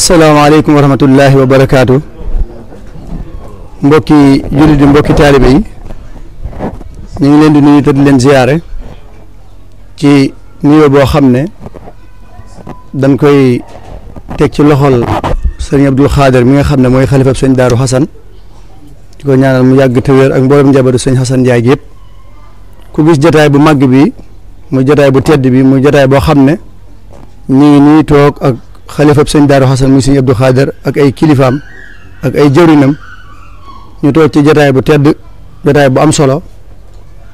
asalaamaaleykum wa rahmatullahi wa barakaatu mbokki jullit di mbokki taalibe yi ñu ngi leen di nuyu te di leen ziyaare ci nuyoo boo xam ne dañ koy teg ci loxol sëriñ Abdul Xaadir mi nga xam ne mooy xalifab sëñ Daaru Xasan ko ñaanal mu yàgg te wér ak mboolem njabootu sëñ Xasan Njaay gi ku gis jataay bu màgg bi mu jataay bu tedd bi mu jataay boo xam ne ñu ngi toog ak xalifab sëñ Daaru Xasan muy sëñ Abdou Xaadar ak ay kilifaam ak ay jëwrinam ñu toog ci jataay bu tedd jataay bu am solo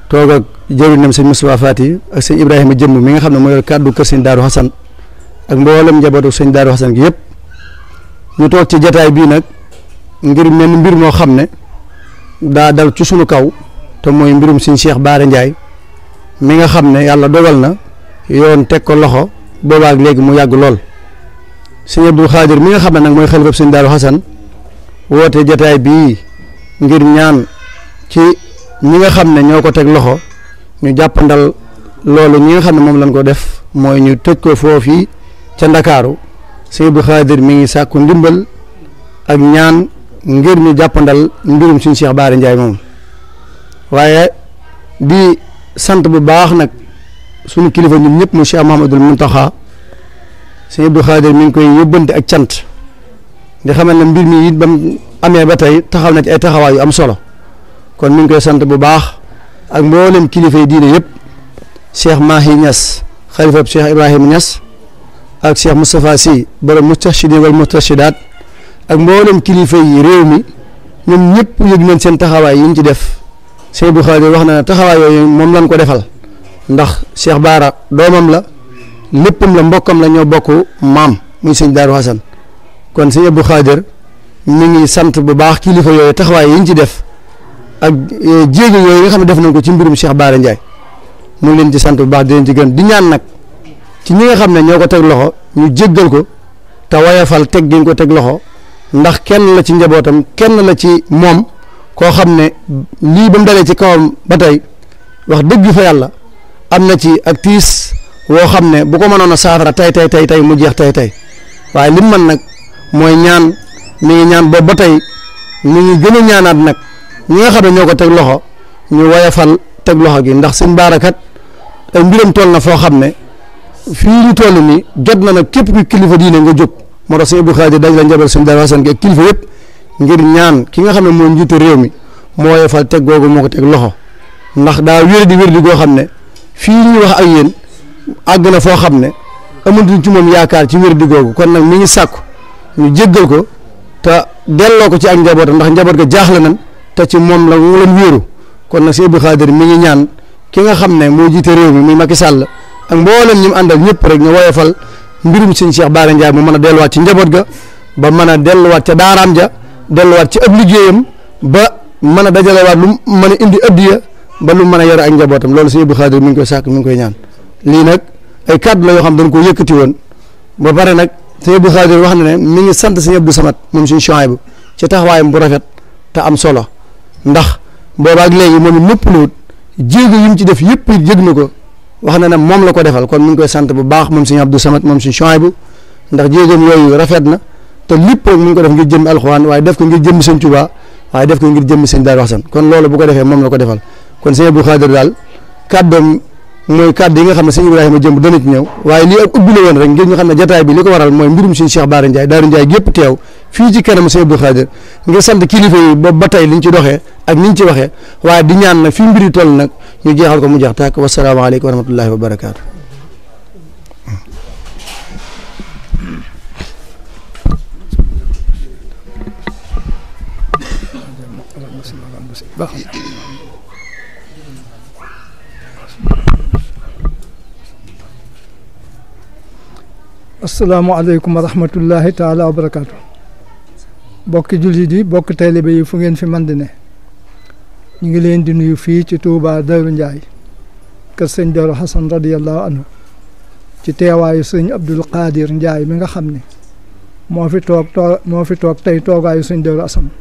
toog ak jëwrinam sëñ Moustapha Faati ak sëñ Ibrahima jëmm mi nga xam ne moo yor kàddu ak mboolem njabootu sëñ Daaru Xasan yëpp ñu toog ci jataay bii nag ngir menn mbir moo xam ne daa dal ci sunu kaw te mooy mbirum sëñ Cheikh Baara Ndiaye mi nga xam ne yàlla dogal na yoon teg ko loxo boobaak léegi mu yàgg lool sëñ Abdou Khadir mi nga xam ne nag mooy xalifab sëñ Daaru Xasan woote jataay bii ngir ñaan ci ñi nga xam ne ñoo ko teg loxo ñu jàppandal loolu ñi nga xam ne moom lañ ko def mooy ñu tëj ko foofii ca Ndakaaru sëñ Abdou Khadir mi ngi sàkku ndimbal ak ñaan ngir ñu jàppandal mbirum suñu Cheikh Baara Ndiaye moom waaye di sant bu baax nag suñu kilifa ñun ñëpp mu Cheikh Mahamadul Muntaxa sëñ Abdou Khadir mi ngi koy yóbbante ak cant di xamal ne mbir mi it ba mu amee ba tey taxaw na ci ay taxawaay yu am solo kon mi ngi koy sant bu baax ak mboolem kilifa yi diine yëpp Cheikh Mahi Niass xalifab Cheikh Ibrahima ñas ak Cheikh Moustapha Sy borom mustachidin wal mustachidaat ak mboolem kilifa yi réew mi ñoom ñëpp yëg nañ seen taxawaay yi ñu ci def sëñ Abdou Khadir wax na ne taxawaay yooyu moom lañ ko defal ndax Cheikh Baara doomam la. léppam la mbokkam la ñoo bokk maam muy sëñ Daaru Xasan kon sëñ Abdou Khadir mu ngi sant bu baax kilifa yooyu taxawaay yi ñu ci def ak eh, jéego yooyu nga xam ne def nañ ko ci mbirum Cheikh Bara Ndiaye mu ngi leen ci sant bu baax di leen ci di ñaan nag ci ñi nga xam ne ñoo ko teg loxo ñu jëggal ko te wayafal teg gi ko teg loxo ndax kenn la ci njabootam kenn la ci moom koo xam ne lii ba mu dalee ci kawam ba tey wax dëgg fa yàlla am na ci ak tiis woo xam ne bu ko mënoon a saafara tey tey tey tey mu jeex tey tey waaye lim man nag mooy ñaan mi ngi ñaan boobu ba tey mi ngi gën a ñaanaat nag ñi nga xam ne ñoo ko teg loxo ñu woyafal teg loxo gi ndax seen baarakat ay mbiram toll na foo xam ne fii ñu toll nii jot na nag képp ku kilifa diine nga jóg moo tax sëñ Abdou Khadir dañ la njabal sëñ Darou Hassane gi ak ngir ñaan ki nga xam ne njiitu réew mi moo woyafal teg googu moo teg loxo ndax daa wér di goo xam ne fii ñuy wax ak yéen. agna fo xamne xam ne ci mom yaakar ci wërdi di kon nak mi ngi sàkku ñu jéggal ko ta dello ko ci ak njabot ndax njabot ga jaxla nan ta ci mom la mu leen wëru kon nak Sëñ Abdou Khadre mi ngi ñaan ki nga xamne mo jité rew mi muy Macky Sall ak mbolam ñim andal ñepp rek ñu woyofal mbirum seigne Cheikh Bara Ndiaye mu mëna a wat ci njabot ga ba mëna a wat ci daaraam ja wat ci ab liggéeyam ba mëna dajalé wat lu mëna indi ëddiya ba lu mëna yor ak njabotam loolu Sëñ Abdou Khadre mi ngi koy sàkk mi ngi koy ñaan lii nag ay kàddu la yoo xam dañ koo yëkkati woon ba pare nag sëñ Abdou Khadir wax na ne mi ngi sant sëñ Abdou Samad moom suñu Chouaïb bu ci taxawaayam bu rafet te am solo ndax boobaak léegi moom it noppaluwut jéego yi mu ci def yëpp it yëg na ko wax na ne moom la ko defal kon mi ngi koy sant bu baax moom suñu Abdou Samad moom suñu Chouaïb bu ndax jéegoom yooyu rafet na te lépp mu ngi ko def ngir jëmmi alxuraan waaye def ko ngir jëmmi sëñ Tuubaa waaye def ko ngir jëmmi sëñ Daaru Xasan kon loolu bu ko defee moom la ko defal kon sëñ bu Khadir daal kàddoom mooy kàddu yi nga xam ne sëñ Ibrahima jëmb dana ci ñëw waaye lii ak ubbi la woon rek ngir ñu xam ne jataay bi li ko waral mooy mbirum sëñ Cheikh Bara Ndiaye Daaru Ndiaye gépp teew fii ci kanam sëñ Abdou Khadir nga sant kilifa yi boobu ba tey liñ ci doxee ak niñ ci waxee waaye di ñaan nag fi mbiri toll nag ñu jeexal ko mu jeex tàkk wasalaamaaleykum wa rahmatullahi wa barakaatu baax asalaamaaleykum wa rahmatullahi taala wa barakaatu bokki jullit yi bokk taalibe yi fu ngeen fi man di ne ñu ngi leen di nuyu fii ci Touba Darou Ndiaye kër sëñ Darou Hassan radiyallahu anhu ci teewaayu sëñ Abdul Qadir Ndiaye mi nga xam ni moo fi toog tey toogaayu sëñ Darou Assane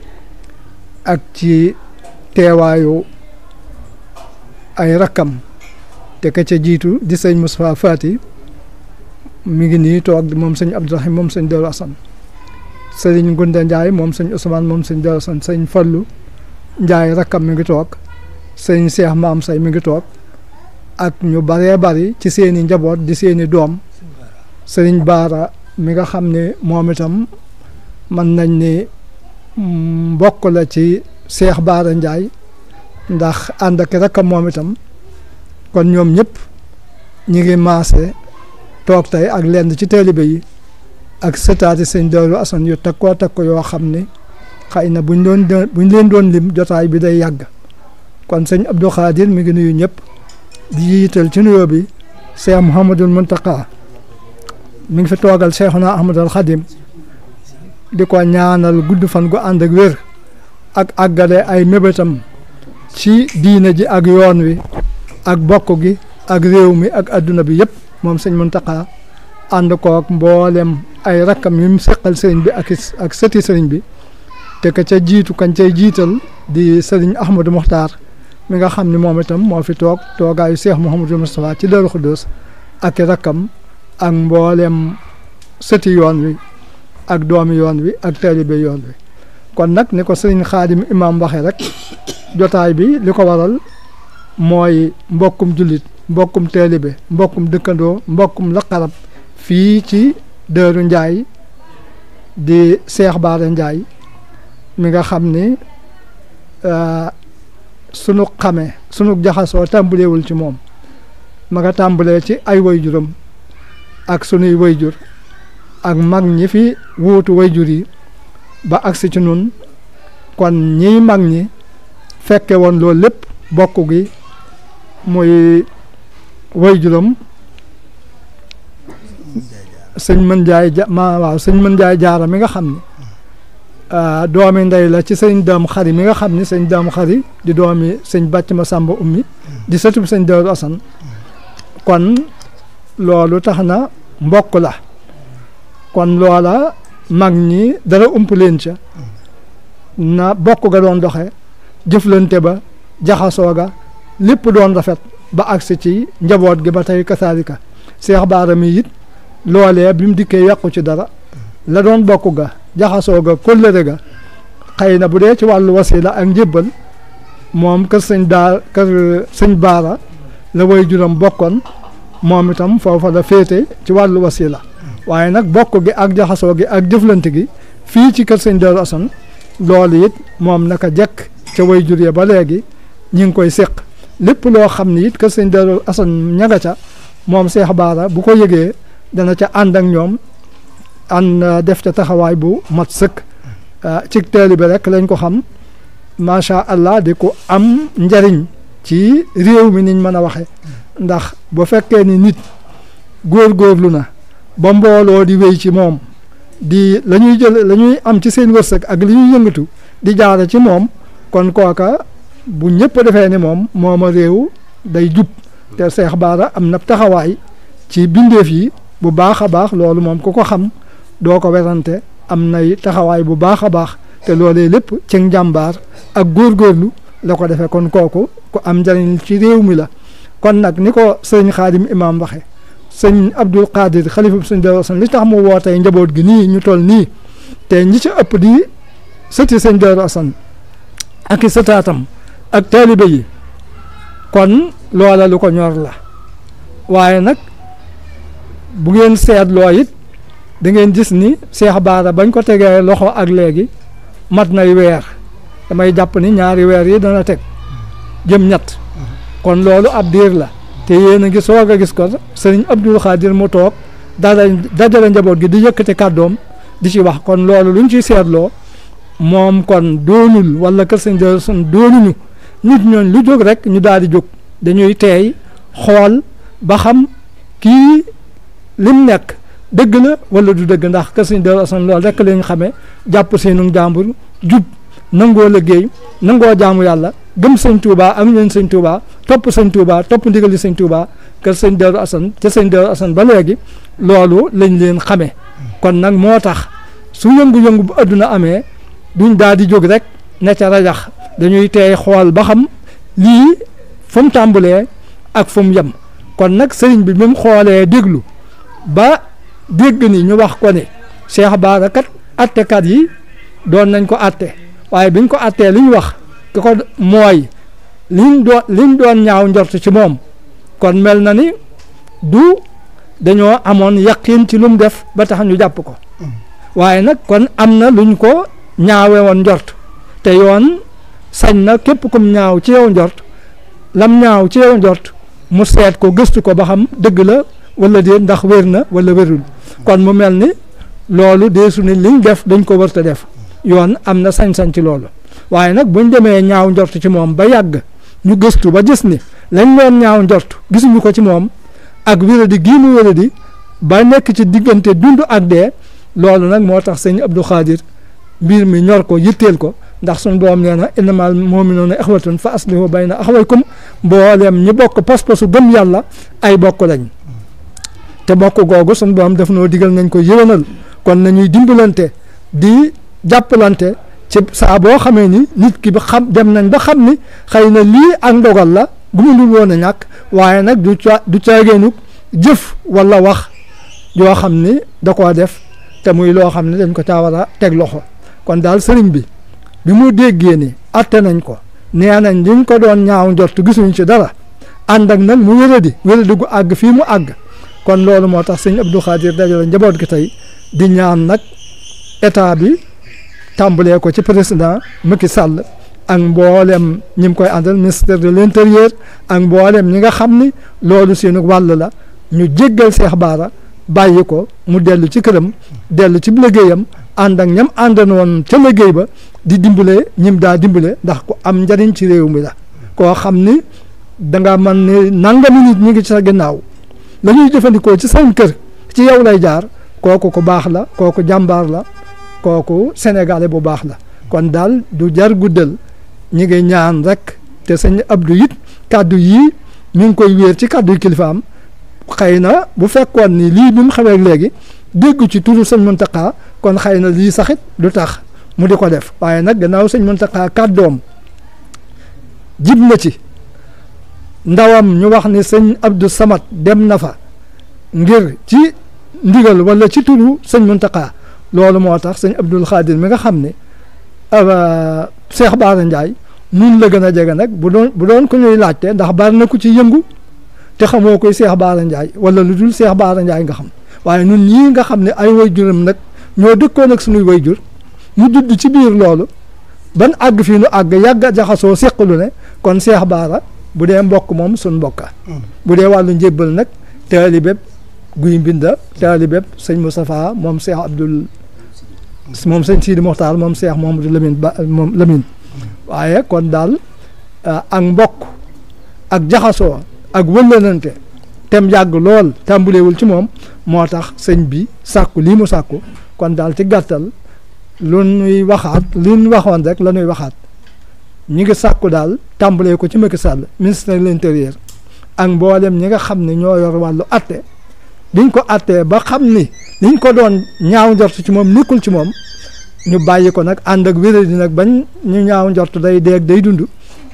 ak ci teewaayu ay rakkam te ka ca jiitu di sëñ Moustapha Fati mi ngi nii toog moom sëñ Abdourahim moom sëñ Darou Assane sëriñ Gunda Ndiaye moom sëñ Ousmane moom sëñ Darou Assane sëñ Fallou Ndiaye rakkam mi ngi toog sëñ seex Maam Say mi ngi toog ak ñu baree bari ci seeni njaboot di seeni doom sëriñ Baara mi nga xam ne moom itam mën nañ ni mbokk mm, la ci seex Baara njaay ndax ànd ak rakkam moom itam kon ñoom ñëpp ñi ngi maase. toog tey ak lenn ci taalibe bay ak sëtaati sëñ Daaru Asan yu takkoo takko yoo xam ne xëy na buñ doon buñ leen doon lim jotaay bi day yàgg kon sëñ Abdou Khadir mi ngi nuyu ñëpp di yiital ci nuyoo bi Cheikh Mouhamadul Muntaqa mi ngi fi toogal Cheikhuna Ahmadul Khadim di ko ñaanal gudd fan gu ànd ak wér ak àggale ay mébétam ci diina ji ak yoon wi ak bokk gi ak réew mi ak adduna bi yëpp moom sëñ Muntaxa ànd koog mboolem ay rakkam yu mu seqal sëriñ bi ak ak sëti sëriñ bi te ka ca jiitu kañ cay jiital di sëriñ Ahmadou Mokhtar mi nga xam ni moom itam moo fi toog toogaayu Cheikh Mouhamadou Moustapha ci Darou Khoudoss ak rakkam ak mboolem sëti yoon wi ak doomi yoon wi ak taalibe yoon wi kon nag ni ko sëriñ Xaadim imaam waxee rek jotaay bi li ko waral mooy mbokkum jullit mbokkum taalibe mbokkum dëkkandoo mbokkum laqarab fii ci Dëru Njaay di Seex Baara Njaay mi nga xam ni euh, sunu xame sunu jaxasoo tàmbalewul ci moom ma nga ci ay wayjuram ak sunuy wayjur ak mag ñi fi wuutu wayjur yi ba agsi ci nun kon ñiy mag ñi fekke woon loolu lépp bokk gi muy way juróom sëñ mën jaay ja sëñ mën jaay jaara mi nga xam ne ah, doomi ndey la ci sëñ daam xari mi nga xam ni sëñ daam xari di doomi sëñ bàcc ma sàmba ummi di sëtub sëñ Daaru Asan kon loolu tax na mbokk la kon loola mag ñi dara ump leen ca na bokk ga doon doxe jëflante ba jaxasoo ga lépp doon rafet ba agsi ci njaboot gi ba tey kasarika seex baara mi it loolee bi mu dikkee yàqu ci dara la doon bokk ga jaxasoo ga kóllëre ga xëy na bu dee ci wàllu wasila ak njébbal moom kër sëñ daa kër sëñ baara la way juram bokkoon moom itam foofa la féete ci wàllu wasila waaye nag bokk gi ak jaxasoo gi ak jëflante gi fii ci kër sëñ Daaru Asan loolu it moom naka jekk ca way jur ya ba léegi ñi ngi koy séq lépp loo xam ni it kër sëñ Darou Assane ña nga ca moom Cheikh Bara bu ko yëgee dana ca ànd ak ñoom an def ca taxawaay bu mat sëkk ah, ci taalibe rek lañ ko xam macha allah di ko am njariñ ci réew mi niñ mën a waxe ndax boo fekkee ni nit góorgóorlu na ba mbooloo di wéy ci moom di la ñuy la ñuy am ci seen wërsëg ak li ñuy yëngatu di jaare ci moom kon kooka bu ñëpp defee ni moom mooma réew day jub te Seex Baara am na taxawaay ci bindeef yi bu baax a baax loolu moom ku ko xam doo ko werante am nay taxawaay bu baax a baax te loolee lépp ci njàmbaar ak góorgóorlu la ko defee kon kooku ku am njariñ ci réew mi la kon nag ni ko sëñ Xaadim Imaam waxe sëñ Abdul Qadir xalifa sëñ Darou Assane li tax mu wootee njaboot gi nii ñu toll nii te ñi ci ëpp di sëti sëñ Darou Assane ak i sëtaatam ak taalibe yi kon loola lu ko ñor la waaye nag bu ngeen seetloo it da gis ni Cheikh Bara bañ ko tegee loxo ak léegi mat nay weer damay jàpp ni ñaari weer yi dana teg jëm ñett kon loolu ab diir la te yéen a ngi soog a gis ko sëriñ Abdul Xaadir mu toog dada dajale njaboot gi di yëkkati kàddoom di ci wax kon loolu luñ ci seetloo moom kon doonul wala kër sëñ Jalle doonul nit ñooñ lu jóg rek ñu daal di jóg dañuy teey xool ba xam kii lim nekk dëgg la wala du dëgg ndax kër suñ delloo asan loolu rek lañ xamee jàpp seenu jàmbur jub nangoo liggéey nangoo jaamu yàlla gëm sëñ Touba am leen sëñ Touba topp sëñ Touba topp ndigali sëñ Touba kër sëñ delloo asan ca sëñ delloo asan ba léegi loolu lañ leen xame kon nag moo tax su yëngu-yëngu bu adduna amee duñ daal di jóg rek ne ca rajax dañuy teey xool ba xam lii fu mu tàmbalee ak fu mu yem kon nag sëriñ bi bi xoolee déglu ba dégg ni ñu wax ko ne Cheikh Bara kat attekat yi doon nañ ko atte waaye biñ ko attee liñ wax ki ko mooy liñ doon liñ doon ñaaw njort ci moom kon mel na ni du dañoo amoon yaqin ci lu mu def ba tax ñu jàpp ko mm. waaye nag kon am na luñ ko ñaawe njort te yoon sañ na képp kum ñaaw ci yow njort lam ñaaw ci yow njort mu seet ko gëstu ko ba xam dëgg la wala déet ndax wér na wala wérul kon mu mel ni loolu deesu ni liñ def dañ ko wërta def yoon am na sañ-sañ ci loolu waaye nag buñ demee ñaaw njort ci moom ba yàgg ñu gëstu ba gis ni lañ doon ñaaw njort gisuñu ko ci moom ak di gii mu di ba nekk ci diggante dund ak dee loolu nag moo tax sëñ Abdou Khadir mbir mi ñor ko yitteel ko ndax suñu borom nee na innamal mu'minuuna ixwatun fa aslihu bayna axwaykum booleem ñi bokk pas-pasu gëm yàlla ay bokk lañ te bokk googu suñu borom daf noo diggal nañ ko yëwénal kon nañuy dimbalante di jàppalante ci saa boo xamee ni nit ki ba xam dem nañ ba xam ni xëy na lii an ndogal la gu dul woon a ñàkk waaye nag du ca du caageenu jëf wala wax yoo xam ni da koo def te muy loo xam ne dañ ko caa teg loxo kon daal sëriñ bi bi mu déggee ni atte nañ ko nee nañ liñ ko doon ñaaw njort gisuñ ci dara ànd ak nag mu wéradi wéradi gu àgg fii mu àgg kon loolu moo tax sëñ Abdou Khadir dajale njaboot gi tey di ñaan nag état bi tàmbalee ko ci président Macky Sall ak mboolem ñi mu koy àndal ministère de l'intérieur ak mboolem ñi nga xam ni loolu seen wàll la ñu jéggal si Baara bàyyi ko mu dellu ci këram dellu ci liggéeyam ànd ak ñam àndan woon ca liggéey ba di dimbale ñim daa dimbale ndax ku am njariñ ci réew mi la koo xam ni danga man ne nangami nit ñi ngi ci sa gannaaw la ñuy jëfandikoo ci seen kër ci yow lay jaar kooku ku baax la kooku jàmbaar la kooku sénégalais bu baax la kon daal du jar guddal ñi ngi ñaan rek te sëñ abdu it kàddu yii mi ngi koy wéer ci kàddu kilifaam xëy na bu fekkoon ni lii bi mu xamee léegi dégg ci turu sëñ Mountakha kon xëy na lii saxit du tax mu di ko def waaye nag gannaaw sëñ Muntaxa kàddoom jib na ci ndawam ñu wax ni sëñ Abdou Samad dem na fa ngir ci ndigal wala ci turu sëñ Muntaxa loolu moo tax sëñ Abdul Xaadir mi nga xam ne ah, Cheikh Baara njaay nun la gën a jege nag bu doon bu doon ko ñuy laajte ndax bari na ku ci yëngu te xamoo koy Cheikh Baara njaay wala lu dul Cheikh Baara Ndiaye nga xam waaye nun ñii nga xam ne ay way juram nag ñoo koo nag suñuy way jur mu judd ci biir loolu ban àgg fii nu àgg yàgg jaxasoo séq lu ne kon Seex Baara bu dee mbokk moom suñ mbokka mm. bu dee wàllu njébbal nag taalibeb guy mbinda taalibeb sëñ Moustapha moom Seex Abdul moom sëñ Sidi Moxtaar moom Seex Mohamadou Lamine ba moom Lamine mm. waaye kon daal euh, ak mbokk ak jaxasoo ak wëllanante tem yàgg lool tàmbuleewul ci moom moo tax sëñ bi sàkku lii mu sàkku kon daal ci gàttal lu nuy waxaat li ñu waxoon rek la ñuy waxaat ñi ngi sàkku daal tàmbalee ko ci Macky Sall ministre de l'intérieur ak mboolem ñi nga xam ne ñoo yor wàllu atte biñ ko attee ba xam ni liñ ko doon ñaaw njort ci moom nekkul ci moom ñu bàyyi ko nag ànd ak wéré di nag bañ ñu ñaaw njort day deeg day dund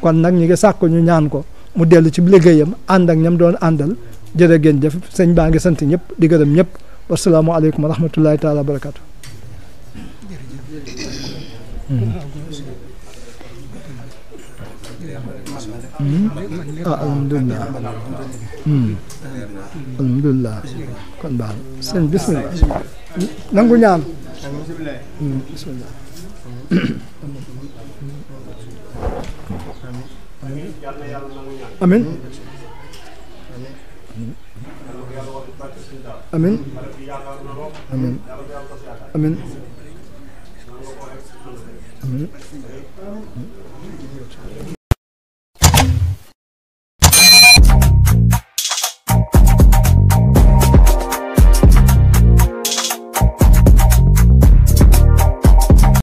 kon nag ñi ngi sàkku ñu ñaan ko mu dellu ci liggéeyam ànd ak ñam doon àndal jërë ngeen jëf sëñ baa ngi sant ñëpp di gërëm ñëpp wasalaamualeykum wa rahmatullahi taala wa barakatu Ừ. Ừ. Ừ. Alhamdulillah. Hmm. Alhamdulillah. Kan ba. Sen bismillah. Nangu ñaan. Ừ, bismillah. Amen. Amen. Amen. Amen. 嗯。